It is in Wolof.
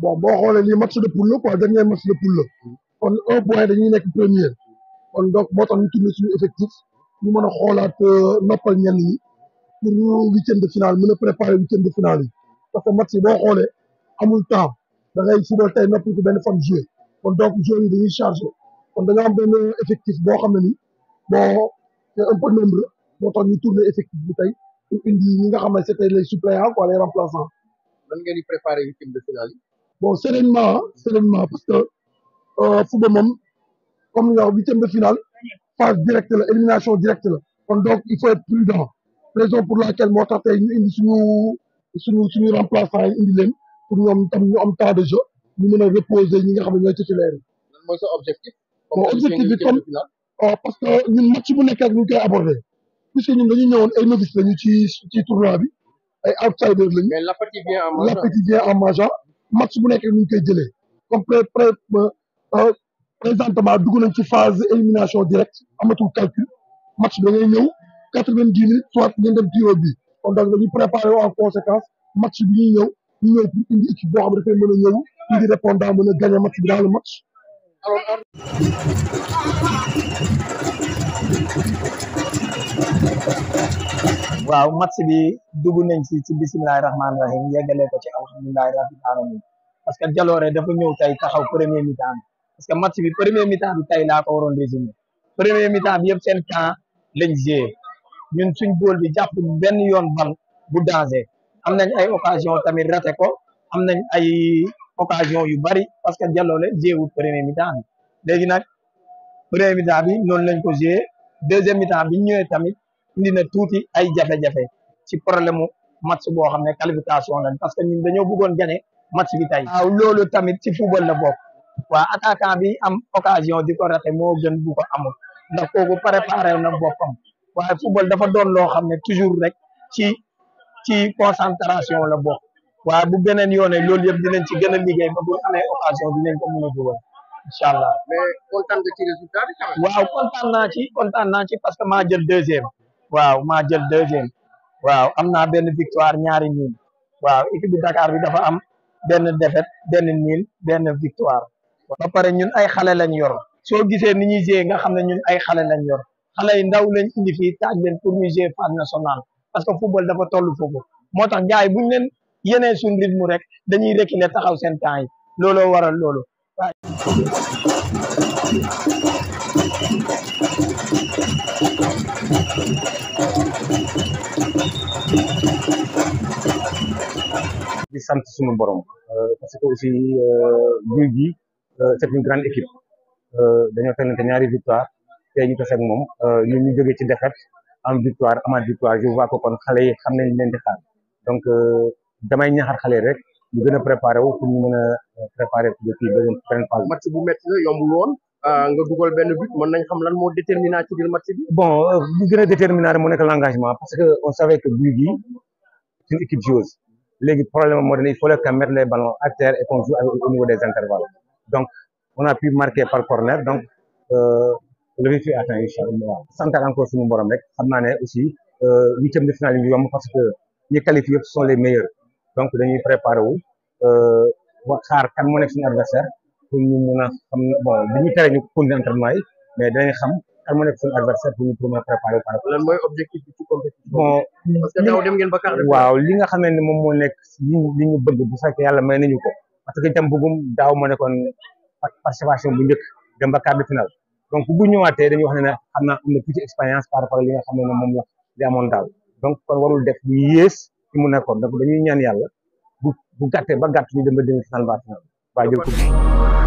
bon boo xoolee lii match de poule la quoi dernier kon un point dañuy nekk premier kon donc moo tax ñu tourné suñu effectif ñu mën a xoolaat euh, noppal ñenn ñi pour ñu huitième de finale mën a préparer huitième de finale parce que match yi boo xoolee amul temps da ngay football tey noppi ko benn fan joué kon donc joueurs yi dañuy chargé kon da nga am benn effectif boo xam ne ni bon c'est un peu nombreux moo tax ñu tourné effectif bi tey pour indi ñi nga xam ne c'était les suppléants quoi les remplaçants. nan ngeen di bon sereinement sereinement parce que euh, football moom comme ni nga wax huitième de finale phase directe la élimination directe la kon donc il faut être prudent pour laquelle moo tax tey ñu indi suñu suñu suñu pour ñoom tam ñu am temps de jeu ñu mën reposer ñi nga xam ne ñooy titulaire yi. lan comme euh, parce que ñun match bu nekk ak ñu koy abordé puisque ñun dañu ñëwoon ay novices lañu ci ci tournoi bi ay outsiders lañu. mais l'appétit vient en mangeant. match bu nekk ni ñu koy jëlee comme pré euh, euh, présentement dugg nañ ci phase élimination directe amatul calcul match da ngay ñëw quatre vingt dix minutes soit ngeen dem tiro bi kon donc dañuy préparé en conséquence match bi ñuy ñëw ñu ñëw indi équipe boo xam ne dafay mën a ñëw indi répondant mën a gagné match bi match waaw match bi dugg nañ ci ci bisimilahi rahmaani rahim yeggale ko ci alhamdulilahi parce que jaloore dafa ñëw tay taxaw premier mi parce que match bi premier mi-temps bi tey laa ko waroon résumé premier mi-temps bi yëpp seen temps lañ joué ñun suñ bool bi jàpp benn yoon bal bu danger am nañ ay occasion tamit raté ko am nañ ay occasion yu bari parce que jaloole joué wut premier mi léegi nag premier mi-temps lañ ko joué deuxième mi-temps bi ñëwee tamit indi na tuuti ay jafe-jafe ci problème mu match boo xam ne qualification lañ parce que ñun dañoo bëggoon gagné match bi tey. waaw loolu tamit ci football la bokk waa attaquant bi am occasion di ko raté moo gën bu ko amul ndax kooku préparé na boppam waaye football dafa doon loo xam ne toujours rek ci ci concentration la book waaye bu beneen yoone loolu yëpp dinañ ci gën a liggéey ba bu amee occasion dinañ ko mën a dugal incha allah mais waaw kontaan naa ci kontaan naa ci parce que maa jël deuxième waaw maa jël deuxième waaw am naa benn victoire ñaari niil waaw équipe bi Dakar bi dafa am benn defet benn niil benn victoire ba pare ñun ay xale lañ yor soo gisee ni ñuy jouer nga xam ne ñun ay xale lañ yor xale yi ndaw lañ indi fii taaj leen pour ñu jouer phase nationale parce que football dafa toll foofu moo tax gars yi buñ leen yenee suñ rythme rek dañuy reculer taxaw seen temps yi looloo waral loolu di sant suñu borom euh, parce que aussi guy euh, gi euh, c'est une grande équipe dañoo teglante ñaari victoire te ñu tase ak moom ñun ñu jógee ci défaite am victoire amaat victoire je vois kon xale yi xam nañ leen di xaar donc damay ñaxar xale rek. ñu gën préparé wu pour ñu euh, préparé pour kii beneen beneen phase. match bu métti la yombul woon euh, nga dugal benn but mën nañ xam lan moo déterminant ci bi. bon euh, li gën a déterminant rek mu nekk l'engagement parce que on savait que but gi c'est une équipe joueuse léegi problème moo doon il fallait qu'on mette les ballons à terre et qu'on joue au niveau des intervalles donc on a pu marquer par corner donc le but est atteint incha allah. encore suñu borom rek xam naa ne aussi huitième de finale yi ñu yomb parce donc dañuy préparé wu euh, xaar kan moo nekk suñu adversaire pour ñu mun a xam bon bi ñu tere ñu continuer entraînement yi mais dinañ xam kan moo nekk suñu adversaire pour ñu pour mën a waaw li nga xam ne moom moo nekk li ñu bëgg bu fekkee yàlla may ñu ko parce que itam bëggum daaw ma nekkoon participation bu njëkk dem ba quart de finale donc bu ñëwaatee dañuy wax ne ne xam am na tuuti expérience par rapport li nga xam ne moom la amoon daaw donc kon warul def lu yées ci mu nekkoon donc dañuy ñaan yàlla bu gàttee ba gàtt ñu dem ba 2030 waaye jël ko.